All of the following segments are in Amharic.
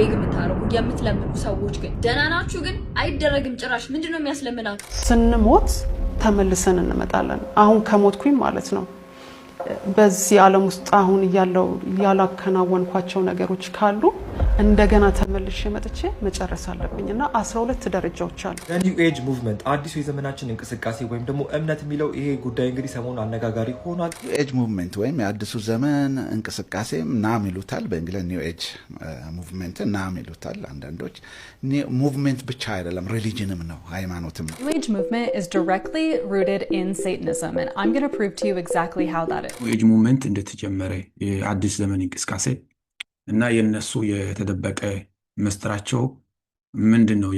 ቤግ የምታደርጉ የምትለምኑ ሰዎች ግን ደህና ናችሁ? ግን አይደረግም ጭራሽ። ምንድን ነው የሚያስለምናችሁ? ስንሞት ተመልሰን እንመጣለን። አሁን ከሞትኩኝ ማለት ነው በዚህ ዓለም ውስጥ አሁን እያለው ያላከናወንኳቸው ነገሮች ካሉ እንደገና ተመልሼ መጥቼ መጨረስ አለብኝ እና አስራ ሁለት ደረጃዎች አሉ። ኒው ኤጅ ሙቭመንት አዲሱ የዘመናችን እንቅስቃሴ ወይም ደግሞ እምነት የሚለው ይሄ ጉዳይ እንግዲህ ሰሞኑን አነጋጋሪ ሆኗል። ኒው ኤጅ ሙቭመንት ወይም የአዲሱ ዘመን እንቅስቃሴ ናም ይሉታል። በእንግሊዝ ኒው ኤጅ ሙቭመንት ናም ይሉታል አንዳንዶች። ሙቭመንት ብቻ አይደለም ሪሊጅንም ነው ሃይማኖትም ነው። ኒው ኤጅ ሙቭመንት ኢዝ ዳይሬክትሊ ሩትድ ኢን ሳታኒዝም ኤንድ አይም ጎና ፕሩቭ ቱ ዩ ኤግዛክትሊ ሃው ዛት ኤጅ ሙቭመንት እንደተጀመረ የአዲስ ዘመን እንቅስቃሴ እና የነሱ የተደበቀ መስጥራቸው ምንድን ነው?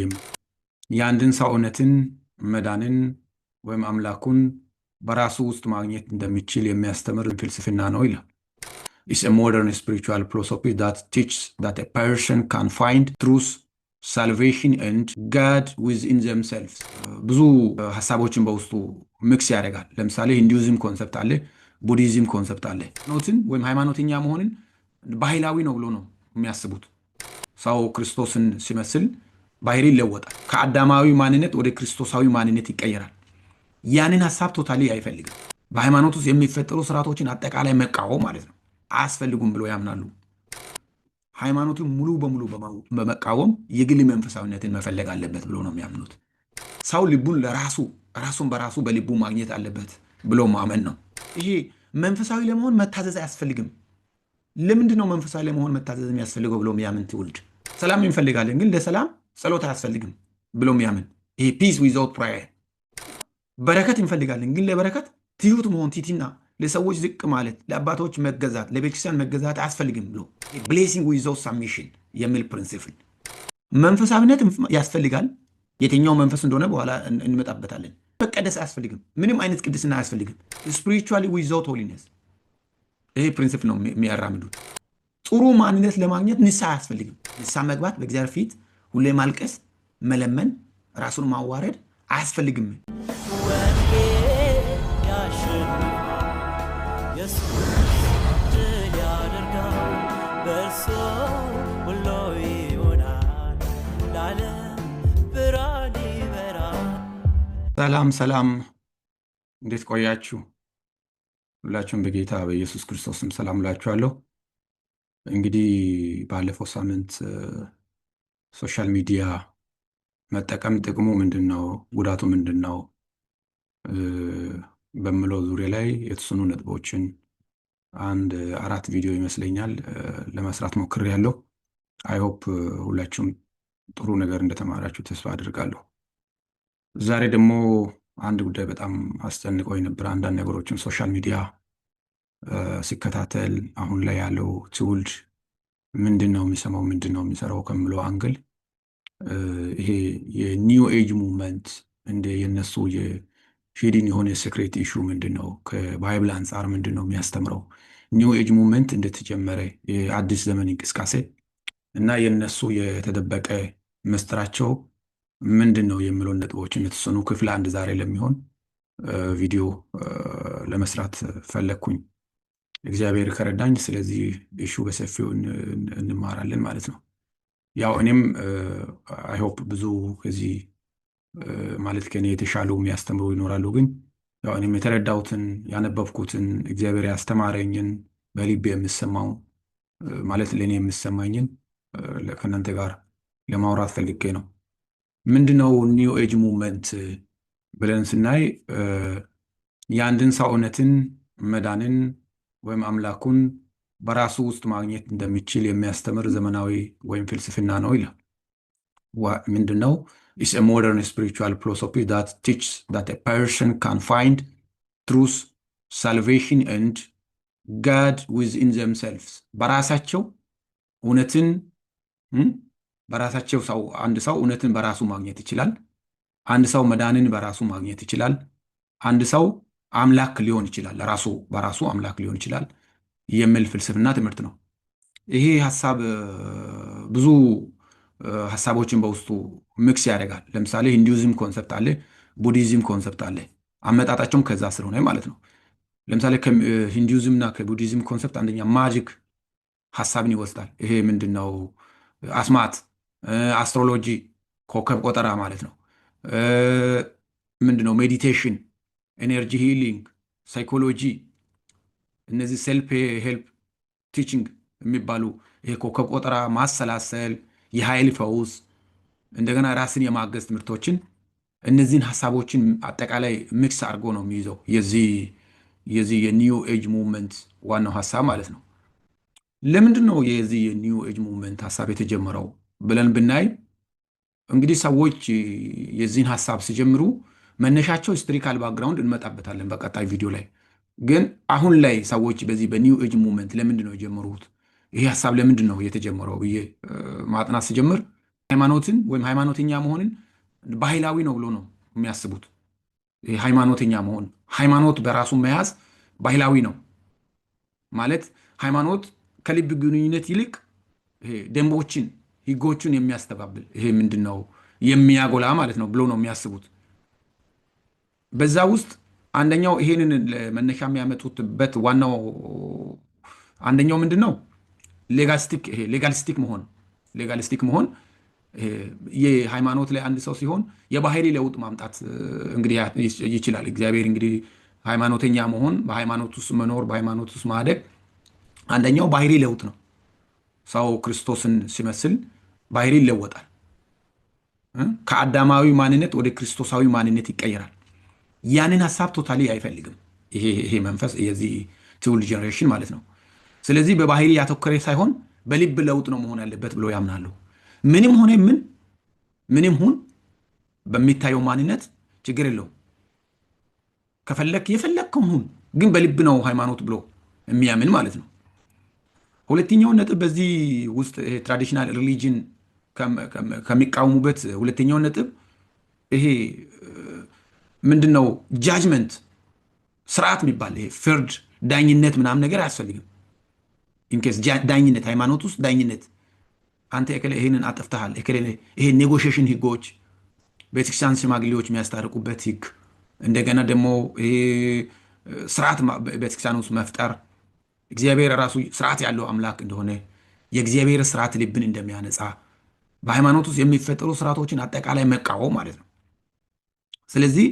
የአንድን ሰው እውነትን መዳንን ወይም አምላኩን በራሱ ውስጥ ማግኘት እንደሚችል የሚያስተምር ፍልስፍና ነው ይላል። ኢትስ ሞደርን ስፒሪቹዋል ፊሎሶፊ ዛት ቲችስ ዛት ፐርሰን ካን ፋይንድ ትሩዝ ሳልቬሽን ኤንድ ጋድ ዊዝኢን ዘምሰልፍ ብዙ ሀሳቦችን በውስጡ ምክስ ያደርጋል። ለምሳሌ ሂንዱይዝም ኮንሰፕት አለ ቡዲዝም ኮንሰፕት አለ። ኖትን ወይም ሃይማኖተኛ መሆንን ባህላዊ ነው ብሎ ነው የሚያስቡት። ሰው ክርስቶስን ሲመስል ባህሪ ይለወጣል። ከአዳማዊ ማንነት ወደ ክርስቶሳዊ ማንነት ይቀየራል። ያንን ሀሳብ ቶታሊ አይፈልግም። በሃይማኖት ውስጥ የሚፈጠሩ ስርዓቶችን አጠቃላይ መቃወም ማለት ነው፣ አያስፈልጉም ብሎ ያምናሉ። ሃይማኖቱን ሙሉ በሙሉ በመቃወም የግል መንፈሳዊነትን መፈለግ አለበት ብሎ ነው የሚያምኑት። ሰው ልቡን ለራሱ ራሱን በራሱ በልቡ ማግኘት አለበት ብሎ ማመን ነው። ይሄ መንፈሳዊ ለመሆን መታዘዝ አያስፈልግም። ለምንድን ነው መንፈሳዊ ለመሆን መታዘዝ የሚያስፈልገው ብሎ የሚያምን ትውልድ ሰላም እንፈልጋለን፣ ግን ለሰላም ጸሎት አያስፈልግም ብሎ የሚያምን ይሄ ፒስ ዊዛውት ፕራየር። በረከት እንፈልጋለን፣ ግን ለበረከት ትዩት መሆን ቲቲና ለሰዎች ዝቅ ማለት ለአባቶች መገዛት ለቤተክርስቲያን መገዛት አያስፈልግም ብሎ ብሌሲንግ ዊዛውት ሳሚሽን የሚል ፕሪንሲፕል መንፈሳዊነት ያስፈልጋል። የትኛው መንፈስ እንደሆነ በኋላ እንመጣበታለን። መቀደስ አያስፈልግም። ምንም አይነት ቅድስና አያስፈልግም። ስፕሪቹዋሊ ዊዞት ሆሊነስ ይሄ ፕሪንስፕ ነው የሚያራምዱት። ጥሩ ማንነት ለማግኘት ንሳ አያስፈልግም። ንሳ መግባት፣ በእግዚአብሔር ፊት ሁሌ ማልቀስ፣ መለመን፣ ራሱን ማዋረድ አያስፈልግም። ሰላም ሰላም፣ እንዴት ቆያችሁ? ሁላችሁም በጌታ በኢየሱስ ክርስቶስም ሰላም እላችኋለሁ። እንግዲህ ባለፈው ሳምንት ሶሻል ሚዲያ መጠቀም ጥቅሙ ምንድን ነው፣ ጉዳቱ ምንድን ነው በምለው ዙሪያ ላይ የተወሰኑ ነጥቦችን አንድ አራት ቪዲዮ ይመስለኛል ለመስራት ሞክሬያለሁ። አይሆፕ ሁላችሁም ጥሩ ነገር እንደተማራችሁ ተስፋ አድርጋለሁ። ዛሬ ደግሞ አንድ ጉዳይ በጣም አስጨንቆኝ ነበር። አንዳንድ ነገሮችን ሶሻል ሚዲያ ሲከታተል አሁን ላይ ያለው ትውልድ ምንድን ነው የሚሰማው፣ ምንድን ነው የሚሰራው ከምለው አንግል ይሄ የኒው ኤጅ ሙቭመንት እንደ የነሱ የሼዲን የሆነ ሴክሬት ኢሹ ምንድን ነው፣ ከባይብል አንጻር ምንድን ነው የሚያስተምረው ኒው ኤጅ ሙቭመንት እንደተጀመረ የአዲስ ዘመን እንቅስቃሴ እና የነሱ የተደበቀ መስጥራቸው ምንድን ነው የምለውን ነጥቦችን የተወሰኑ ክፍል አንድ ዛሬ ለሚሆን ቪዲዮ ለመስራት ፈለግኩኝ እግዚአብሔር ከረዳኝ። ስለዚህ እሹ በሰፊው እንማራለን ማለት ነው። ያው እኔም አይሆፕ ብዙ ከዚህ ማለት ከኔ የተሻሉ የሚያስተምሩ ይኖራሉ። ግን ያው እኔም የተረዳሁትን ያነበብኩትን እግዚአብሔር ያስተማረኝን በልቤ የምሰማው ማለት ለእኔ የምሰማኝን ከእናንተ ጋር ለማውራት ፈልጌ ነው። ምንድነው ኒው ኤጅ ሙቭመንት ብለን ስናይ የአንድን ሰው እውነትን መዳንን ወይም አምላኩን በራሱ ውስጥ ማግኘት እንደሚችል የሚያስተምር ዘመናዊ ወይም ፍልስፍና ነው ይላል። ምንድነው? ኢትስ ኤ ሞደርን ስፒሪቹዋል ፊሎሶፊ ዛት ቲችስ ዛት ፐርሰን ካን ፋይንድ ትሩስ ሳልቬሽን ኤንድ ጋድ ኢን ዘምሰልፍስ በራሳቸው እውነትን hm? በራሳቸው ሰው አንድ ሰው እውነትን በራሱ ማግኘት ይችላል። አንድ ሰው መዳንን በራሱ ማግኘት ይችላል። አንድ ሰው አምላክ ሊሆን ይችላል፣ ራሱ በራሱ አምላክ ሊሆን ይችላል የሚል ፍልስፍና ትምህርት ነው። ይሄ ሀሳብ ብዙ ሀሳቦችን በውስጡ ምክስ ያደርጋል። ለምሳሌ ሂንዱዝም ኮንሰፕት አለ፣ ቡዲዝም ኮንሰፕት አለ። አመጣጣቸውም ከዛ ስለሆነ ማለት ነው። ለምሳሌ ከሂንዱዝም እና ከቡዲዝም ኮንሰፕት አንደኛ ማጂክ ሀሳብን ይወስዳል። ይሄ ምንድን ነው አስማት አስትሮሎጂ ኮከብ ቆጠራ ማለት ነው። ምንድነው ሜዲቴሽን፣ ኤነርጂ ሂሊንግ፣ ሳይኮሎጂ እነዚህ ሴልፍ ሄልፕ ቲችንግ የሚባሉ ይሄ ኮከብ ቆጠራ፣ ማሰላሰል፣ የኃይል ፈውስ፣ እንደገና ራስን የማገዝ ትምህርቶችን እነዚህን ሀሳቦችን አጠቃላይ ሚክስ አድርጎ ነው የሚይዘው የዚህ የዚህ የኒው ኤጅ ሙቭመንት ዋናው ሀሳብ ማለት ነው። ለምንድን ነው የዚህ የኒው ኤጅ ሙቭመንት ሀሳብ የተጀመረው? ብለን ብናይ እንግዲህ ሰዎች የዚህን ሀሳብ ሲጀምሩ መነሻቸው ሂስትሪካል ባክግራውንድ እንመጣበታለን በቀጣይ ቪዲዮ ላይ። ግን አሁን ላይ ሰዎች በዚህ በኒው ኤጅ ሙቭመንት ለምንድን ነው የጀመሩት? ይሄ ሀሳብ ለምንድን ነው የተጀመረው ብዬ ማጥናት ስጀምር ሃይማኖትን ወይም ሃይማኖተኛ መሆንን ባህላዊ ነው ብሎ ነው የሚያስቡት። ሃይማኖተኛ መሆን ሃይማኖት በራሱ መያዝ ባህላዊ ነው ማለት ሃይማኖት ከልብ ግንኙነት ይልቅ ደንቦችን ህጎቹን የሚያስተባብል ይሄ ምንድን ነው የሚያጎላ ማለት ነው ብሎ ነው የሚያስቡት። በዛ ውስጥ አንደኛው ይሄንን መነሻ የሚያመጡትበት ዋናው አንደኛው ምንድን ነው ሌጋሊስቲክ መሆን ሌጋሊስቲክ መሆን የሃይማኖት ላይ አንድ ሰው ሲሆን የባህሪ ለውጥ ማምጣት እንግዲህ ይችላል። እግዚአብሔር እንግዲህ ሃይማኖተኛ መሆን፣ በሃይማኖት ውስጥ መኖር፣ በሃይማኖት ውስጥ ማደግ አንደኛው ባህሪ ለውጥ ነው። ሰው ክርስቶስን ሲመስል ባህሪ ይለወጣል። ከአዳማዊ ማንነት ወደ ክርስቶሳዊ ማንነት ይቀየራል። ያንን ሀሳብ ቶታሊ አይፈልግም ይሄ መንፈስ የዚህ ትውልድ ጀኔሬሽን ማለት ነው። ስለዚህ በባህሪ ያተኮረ ሳይሆን በልብ ለውጥ ነው መሆን ያለበት ብሎ ያምናሉ። ምንም ሆነ ምን ምንም ሁን በሚታየው ማንነት ችግር የለው። ከፈለክ የፈለግከውን ሁን፣ ግን በልብ ነው ሃይማኖት ብሎ የሚያምን ማለት ነው። ሁለተኛውን ነጥብ በዚህ ውስጥ ትራዲሽናል ሪሊጅን ከሚቃወሙበት ሁለተኛውን ነጥብ ይሄ ምንድን ነው ጃጅመንት ስርዓት የሚባል ይሄ ፍርድ ዳኝነት ምናምን ነገር አያስፈልግም። ኢንኬስ ዳኝነት ሃይማኖት ውስጥ ዳኝነት አንተ እከሌ ይሄንን አጠፍተሃል፣ ይሄ ኔጎሽሽን ህጎች፣ ቤተክርስቲያን ሽማግሌዎች የሚያስታርቁበት ህግ እንደገና ደግሞ ስርዓት ቤተክርስቲያን ውስጥ መፍጠር እግዚአብሔር ራሱ ስርዓት ያለው አምላክ እንደሆነ የእግዚአብሔር ስርዓት ልብን እንደሚያነጻ በሃይማኖት ውስጥ የሚፈጠሩ ስርዓቶችን አጠቃላይ መቃወም ማለት ነው። ስለዚህ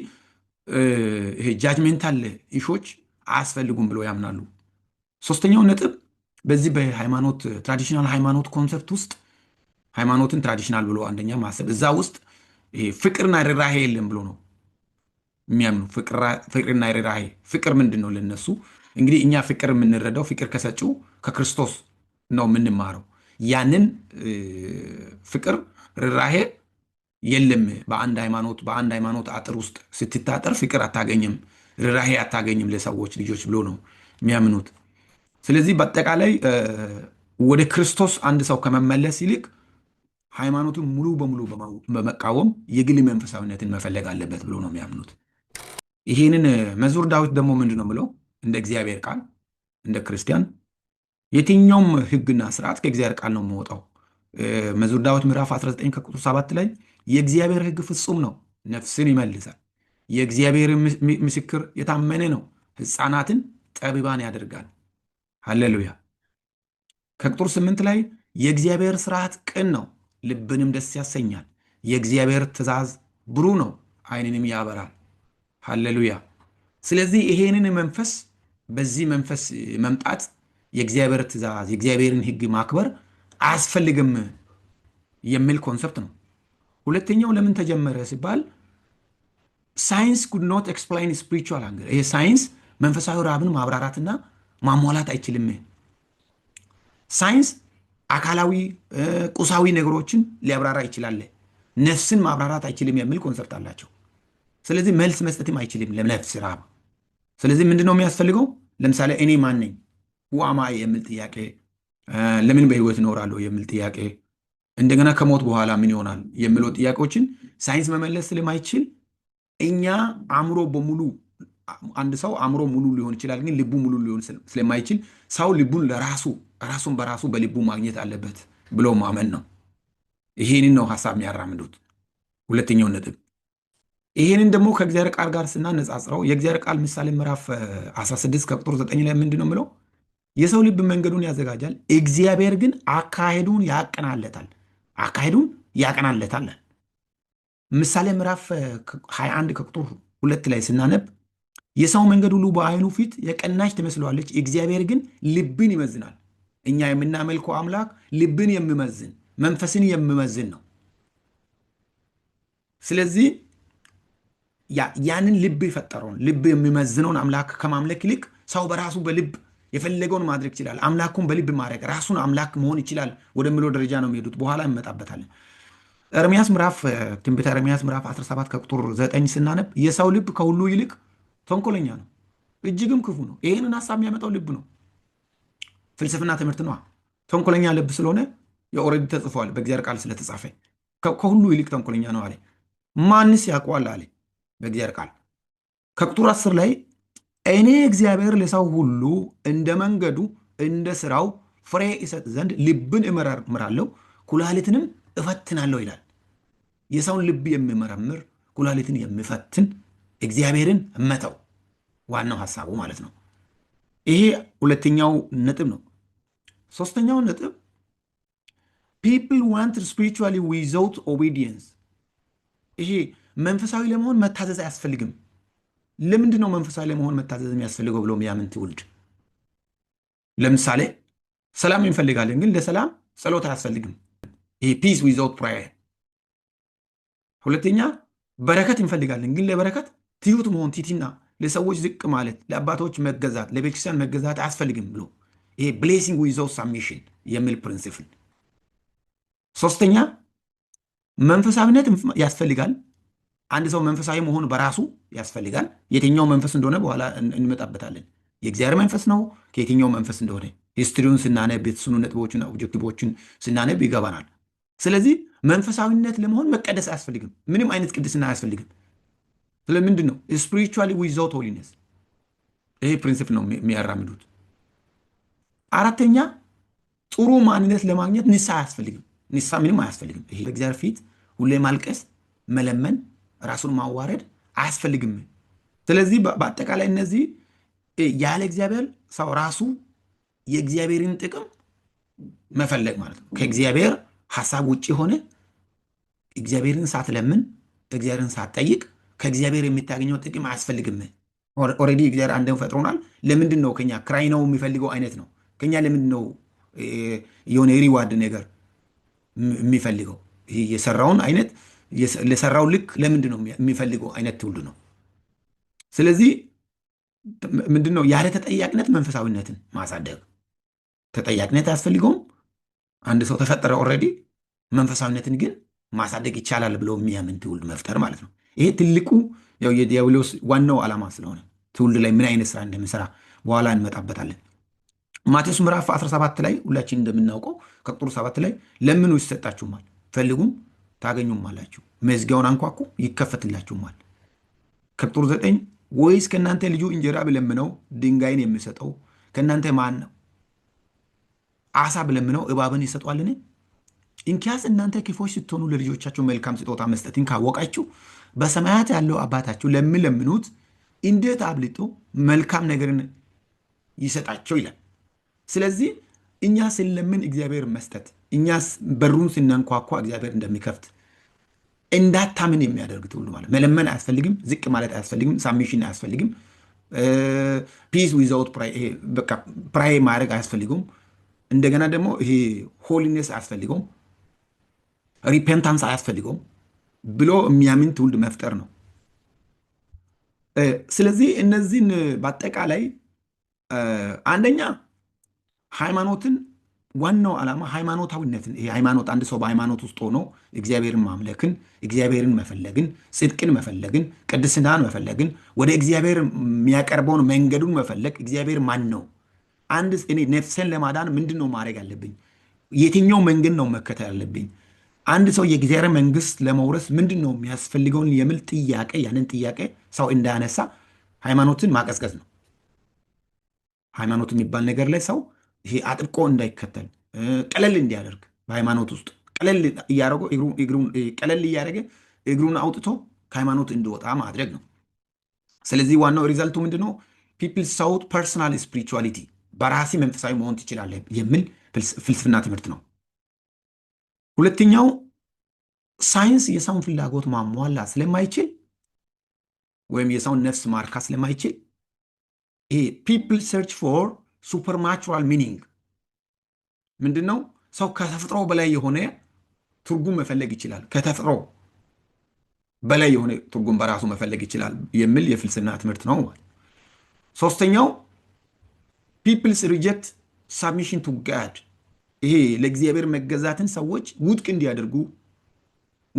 ይሄ ጃጅሜንታል ኢሾች አያስፈልጉም ብለው ያምናሉ። ሶስተኛው ነጥብ በዚህ በሃይማኖት ትራዲሽናል ሃይማኖት ኮንሰፕት ውስጥ ሃይማኖትን ትራዲሽናል ብሎ አንደኛ ማሰብ እዛ ውስጥ ፍቅርና ርራሄ የለም ብሎ ነው የሚያምኑ። ፍቅርና ርራሄ ፍቅር ምንድን ነው ለነሱ እንግዲህ እኛ ፍቅር የምንረዳው ፍቅር ከሰጪው ከክርስቶስ ነው የምንማረው። ያንን ፍቅር ርራሄ የለም። በአንድ ሃይማኖት በአንድ ሃይማኖት አጥር ውስጥ ስትታጠር ፍቅር አታገኝም፣ ርራሄ አታገኝም ለሰዎች ልጆች ብሎ ነው የሚያምኑት። ስለዚህ በአጠቃላይ ወደ ክርስቶስ አንድ ሰው ከመመለስ ይልቅ ሃይማኖቱን ሙሉ በሙሉ በመቃወም የግል መንፈሳዊነትን መፈለግ አለበት ብሎ ነው የሚያምኑት። ይሄንን መዝሙር ዳዊት ደግሞ ምንድን ነው ብለው እንደ እግዚአብሔር ቃል እንደ ክርስቲያን የትኛውም ህግና ስርዓት ከእግዚአብሔር ቃል ነው የምወጣው። መዝሙር ዳዊት ምዕራፍ 19 ከቁጥር 7 ላይ የእግዚአብሔር ህግ ፍጹም ነው፣ ነፍስን ይመልሳል። የእግዚአብሔር ምስክር የታመነ ነው፣ ህፃናትን ጠቢባን ያደርጋል። ሃሌሉያ። ከቁጥር 8 ላይ የእግዚአብሔር ስርዓት ቅን ነው፣ ልብንም ደስ ያሰኛል። የእግዚአብሔር ትእዛዝ ብሩህ ነው፣ አይንንም ያበራል። ሃሌሉያ። ስለዚህ ይሄንን መንፈስ በዚህ መንፈስ መምጣት የእግዚአብሔር ትእዛዝ የእግዚአብሔርን ህግ ማክበር አያስፈልግም የሚል ኮንሰፕት ነው። ሁለተኛው ለምን ተጀመረ ሲባል ሳይንስ ኩድ ኖት ኤክስፕላይን ስፒሪቹዋል ይሄ ሳይንስ መንፈሳዊ ረሃብን ማብራራትና ማሟላት አይችልም። ሳይንስ አካላዊ ቁሳዊ ነገሮችን ሊያብራራ ይችላል፣ ነፍስን ማብራራት አይችልም የሚል ኮንሰፕት አላቸው። ስለዚህ መልስ መስጠትም አይችልም ለነፍስ ረሃብ። ስለዚህ ምንድነው የሚያስፈልገው? ለምሳሌ እኔ ማን ነኝ ዋማይ የሚል ጥያቄ፣ ለምን በህይወት እኖራለሁ የሚል ጥያቄ፣ እንደገና ከሞት በኋላ ምን ይሆናል የሚለው ጥያቄዎችን ሳይንስ መመለስ ስለማይችል እኛ አእምሮ በሙሉ አንድ ሰው አእምሮ ሙሉ ሊሆን ይችላል፣ ግን ልቡ ሙሉ ሊሆን ስለማይችል ሰው ልቡን ለራሱ ራሱን በራሱ በልቡ ማግኘት አለበት ብሎ ማመን ነው። ይሄንን ነው ሀሳብ የሚያራምዱት። ሁለተኛው ነጥብ ይሄንን ደግሞ ከእግዚአብሔር ቃል ጋር ስናነጻጽረው የእግዚአብሔር ቃል ምሳሌ ምዕራፍ 16 ከቁጥር 9 ላይ ምንድን ነው የምለው? የሰው ልብ መንገዱን ያዘጋጃል፣ እግዚአብሔር ግን አካሄዱን ያቀናለታል። አካሄዱን ያቀናለታል። ምሳሌ ምዕራፍ 21 ከቁጥር ሁለት ላይ ስናነብ የሰው መንገድ ሁሉ በአይኑ ፊት የቀናች ትመስለዋለች፣ እግዚአብሔር ግን ልብን ይመዝናል። እኛ የምናመልከው አምላክ ልብን የሚመዝን መንፈስን የሚመዝን ነው። ስለዚህ ያንን ልብ የፈጠረውን ልብ የሚመዝነውን አምላክ ከማምለክ ይልቅ ሰው በራሱ በልብ የፈለገውን ማድረግ ይችላል። አምላኩን በልብ ማድረግ ራሱን አምላክ መሆን ይችላል ወደሚለው ደረጃ ነው የሚሄዱት። በኋላ እንመጣበታለን። ኤርምያስ ምራፍ ትንቢተ ኤርምያስ ምዕራፍ 17 ከቁጥር 9 ስናነብ የሰው ልብ ከሁሉ ይልቅ ተንኮለኛ ነው፣ እጅግም ክፉ ነው። ይህንን ሀሳብ የሚያመጣው ልብ ነው። ፍልስፍና ትምህርት ነዋ። ተንኮለኛ ልብ ስለሆነ የኦልሬዲ ተጽፏል፣ በእግዚአብሔር ቃል ስለተጻፈ ከሁሉ ይልቅ ተንኮለኛ ነው አለ። ማንስ ያውቀዋል አለ በእግዚአብሔር ቃል ከቁጥር አስር ላይ እኔ እግዚአብሔር ለሰው ሁሉ እንደ መንገዱ እንደ ስራው ፍሬ ይሰጥ ዘንድ ልብን እመረምራለሁ ኩላሊትንም እፈትናለሁ ይላል። የሰውን ልብ የሚመረምር ኩላሊትን የሚፈትን እግዚአብሔርን መተው ዋናው ሀሳቡ ማለት ነው። ይሄ ሁለተኛው ነጥብ ነው። ሶስተኛው ነጥብ ፒፕል ዋንት ስፒሪቹዋሊ ዊዘውት ኦቢዲየንስ ይሄ መንፈሳዊ ለመሆን መታዘዝ አያስፈልግም። ለምንድን ነው መንፈሳዊ ለመሆን መታዘዝ የሚያስፈልገው ብሎ የሚያምን ትውልድ ለምሳሌ ሰላም እንፈልጋለን፣ ግን ለሰላም ጸሎት አያስፈልግም። ይሄ ፒስ ዊዛውት ፕራየር። ሁለተኛ በረከት እንፈልጋለን፣ ግን ለበረከት ትዩት መሆን ቲቲና፣ ለሰዎች ዝቅ ማለት፣ ለአባቶች መገዛት፣ ለቤተክርስቲያን መገዛት አያስፈልግም ብሎ ይሄ ብሌሲንግ ሳብሚሽን የሚል ፕሪንሲፕል። ሶስተኛ መንፈሳዊነት ያስፈልጋል አንድ ሰው መንፈሳዊ መሆን በራሱ ያስፈልጋል። የትኛው መንፈስ እንደሆነ በኋላ እንመጣበታለን። የእግዚአብሔር መንፈስ ነው ከየትኛው መንፈስ እንደሆነ ሂስትሪውን ስናነብ የተስኑ ነጥቦችን ኦብጀክቲቮችን ስናነብ ይገባናል። ስለዚህ መንፈሳዊነት ለመሆን መቀደስ አያስፈልግም። ምንም አይነት ቅድስና አያስፈልግም። ስለምንድን ነው ስፒሪቹዋሊ ዊዛውት ሆሊነስ? ይሄ ፕሪንስፕ ነው የሚያራምዱት። አራተኛ ጥሩ ማንነት ለማግኘት ንሳ አያስፈልግም። ንሳ ምንም አያስፈልግም። ይሄ በእግዚአብሔር ፊት ሁሌ ማልቀስ መለመን ራሱን ማዋረድ አያስፈልግም። ስለዚህ በአጠቃላይ እነዚህ ያለ እግዚአብሔር ሰው ራሱ የእግዚአብሔርን ጥቅም መፈለግ ማለት ነው። ከእግዚአብሔር ሀሳብ ውጭ የሆነ እግዚአብሔርን ሳትለምን፣ እግዚአብሔርን ሳትጠይቅ ከእግዚአብሔር የምታገኘው ጥቅም አያስፈልግም። ኦልሬዲ እግዚአብሔር አንደን ፈጥሮናል። ለምንድን ነው ከኛ ክራይ ነው የሚፈልገው አይነት ነው። ከኛ ለምንድን ነው የሆነ ሪዋርድ ነገር የሚፈልገው የሰራውን አይነት ለሰራው ልክ ለምንድን ነው የሚፈልገው አይነት ትውልድ ነው። ስለዚህ ምንድን ነው ያለ ተጠያቂነት መንፈሳዊነትን ማሳደግ ተጠያቂነት አያስፈልገውም። አንድ ሰው ተፈጠረ ኦልሬዲ መንፈሳዊነትን ግን ማሳደግ ይቻላል ብሎ የሚያምን ትውልድ መፍጠር ማለት ነው። ይሄ ትልቁ የዲያብሎስ ዋናው ዓላማ ስለሆነ ትውልድ ላይ ምን አይነት ስራ እንደምንሰራ በኋላ እንመጣበታለን። ማቴዎስ ምዕራፍ 17 ላይ ሁላችን እንደምናውቀው ከቁጥሩ 7 ላይ ለምኑ ይሰጣችሁማል፣ ፈልጉም ታገኙም አላችሁ። መዝጊያውን አንኳኩ ይከፈትላችሁማል። ከቁጥር ዘጠኝ ወይስ ከእናንተ ልጁ እንጀራ ብለምነው ድንጋይን የሚሰጠው ከእናንተ ማን ነው? አሳ ብለምነው እባብን ይሰጧልን? እንኪያስ እናንተ ክፎች ስትሆኑ ለልጆቻችሁ መልካም ስጦታ መስጠትን ካወቃችሁ በሰማያት ያለው አባታችሁ ለሚለምኑት እንዴት አብልጦ መልካም ነገርን ይሰጣቸው ይላል። ስለዚህ እኛ ስንለምን እግዚአብሔር መስጠት እኛስ በሩን ስናንኳኳ እግዚአብሔር እንደሚከፍት እንዳታምን የሚያደርግት ሁሉ ማለት መለመን አያስፈልግም፣ ዝቅ ማለት አያስፈልግም፣ ሳሚሽን አያስፈልግም፣ ፒስ ዊዛውት ፕራይ ማድረግ አያስፈልገውም። እንደገና ደግሞ ይሄ ሆሊነስ አያስፈልገውም፣ ሪፔንታንስ አያስፈልገውም ብሎ የሚያምን ትውልድ መፍጠር ነው። ስለዚህ እነዚህን በአጠቃላይ አንደኛ ሃይማኖትን ዋናው ዓላማ ሃይማኖታዊነትን ሃይማኖት አንድ ሰው በሃይማኖት ውስጥ ሆኖ እግዚአብሔርን ማምለክን፣ እግዚአብሔርን መፈለግን፣ ጽድቅን መፈለግን፣ ቅድስናን መፈለግን፣ ወደ እግዚአብሔር የሚያቀርበውን መንገዱን መፈለግ። እግዚአብሔር ማን ነው? አንድ እኔ ነፍሰን ለማዳን ምንድን ነው ማድረግ አለብኝ? የትኛው መንገድ ነው መከተል አለብኝ? አንድ ሰው የእግዚአብሔር መንግስት ለመውረስ ምንድን ነው የሚያስፈልገውን የምል ጥያቄ፣ ያንን ጥያቄ ሰው እንዳያነሳ ሃይማኖትን ማቀዝቀዝ ነው። ሃይማኖት የሚባል ነገር ላይ ሰው ይሄ አጥብቆ እንዳይከተል ቀለል እንዲያደርግ በሃይማኖት ውስጥ ቀለል እያደረገ ቀለል እያደረገ እግሩን አውጥቶ ከሃይማኖት እንዲወጣ ማድረግ ነው። ስለዚህ ዋናው ሪዛልቱ ምንድነው? ፒፕል ሳውት ፐርሰናል ስፒሪቹዋሊቲ በራሲ መንፈሳዊ መሆን ትችላለህ የሚል ፍልስፍና ትምህርት ነው። ሁለተኛው ሳይንስ የሰውን ፍላጎት ማሟላ ስለማይችል ወይም የሰውን ነፍስ ማርካ ስለማይችል ይሄ ፒፕል ሰርች ፎር ሱፐርናቹራል ሚኒንግ ምንድን ነው? ሰው ከተፈጥሮ በላይ የሆነ ትርጉም መፈለግ ይችላል። ከተፈጥሮ በላይ የሆነ ትርጉም በራሱ መፈለግ ይችላል የሚል የፍልስና ትምህርት ነው። ሶስተኛው ፒፕልስ ሪጀክት ሳብሚሽን ቱ ጋድ፣ ይሄ ለእግዚአብሔር መገዛትን ሰዎች ውድቅ እንዲያደርጉ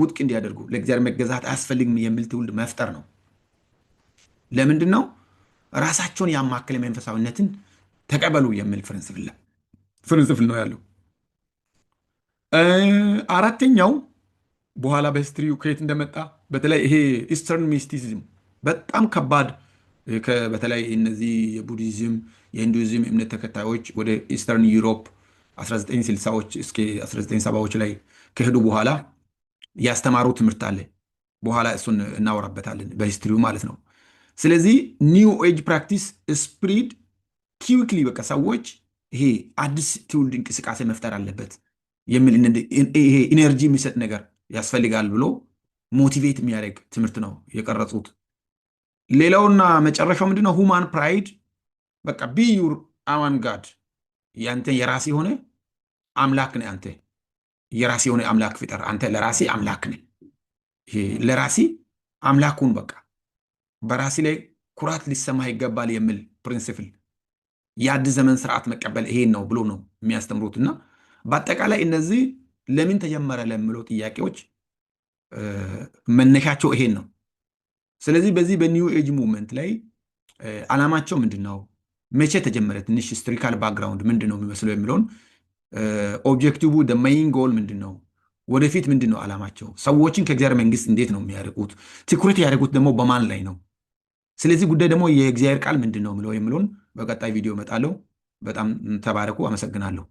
ውድቅ እንዲያደርጉ ለእግዚአብሔር መገዛት አያስፈልግም የሚል ትውልድ መፍጠር ነው። ለምንድን ነው? ራሳቸውን ያማከለ መንፈሳዊነትን ተቀበሉ የሚል ፍልስፍና ፍልስፍና ነው ያለው። አራተኛው በኋላ በሂስትሪው ከየት እንደመጣ በተለይ ይሄ ኢስተርን ሚስቲሲዝም በጣም ከባድ በተለይ እነዚህ የቡዲዝም የሂንዱዝም እምነት ተከታዮች ወደ ኢስተርን ዩሮፕ 1960ዎች እስከ 1970ዎች ላይ ከሄዱ በኋላ ያስተማሩ ትምህርት አለ። በኋላ እሱን እናወራበታለን በሂስትሪው ማለት ነው። ስለዚህ ኒው ኤጅ ፕራክቲስ ስፕሪድ ኪዊክሊ በቃ ሰዎች ይሄ አዲስ ትውልድ እንቅስቃሴ መፍጠር አለበት የሚል ይሄ ኢነርጂ የሚሰጥ ነገር ያስፈልጋል ብሎ ሞቲቬት የሚያደርግ ትምህርት ነው የቀረጹት። ሌላውና መጨረሻው ምንድነው? ሁማን ፕራይድ በቃ ቢዩር አማን ጋድ ያንተ የራሴ የሆነ አምላክ ነህ። አንተ የራሴ የሆነ አምላክ ፍጠር። አንተ ለራሴ አምላክ ነህ። ለራሴ አምላኩን በቃ በራሴ ላይ ኩራት ሊሰማህ ይገባል የሚል ፕሪንስፕል የአዲስ ዘመን ስርዓት መቀበል ይሄን ነው ብሎ ነው የሚያስተምሩት። እና በአጠቃላይ እነዚህ ለምን ተጀመረ ለምለው ጥያቄዎች መነሻቸው ይሄን ነው። ስለዚህ በዚህ በኒው ኤጅ ሙቭመንት ላይ አላማቸው ምንድን ነው? መቼ ተጀመረ? ትንሽ ሂስትሪካል ባክግራውንድ ምንድን ነው የሚመስለው የሚለውን ኦብጀክቲቭ ደመይን ጎል ምንድን ነው? ወደፊት ምንድን ነው አላማቸው? ሰዎችን ከእግዚአብሔር መንግስት እንዴት ነው የሚያርቁት? ትኩረት ያደርጉት ደግሞ በማን ላይ ነው? ስለዚህ ጉዳይ ደግሞ የእግዚአብሔር ቃል ምንድን ነው የሚለው የሚለውን በቀጣይ ቪዲዮ እመጣለሁ። በጣም ተባረኩ። አመሰግናለሁ።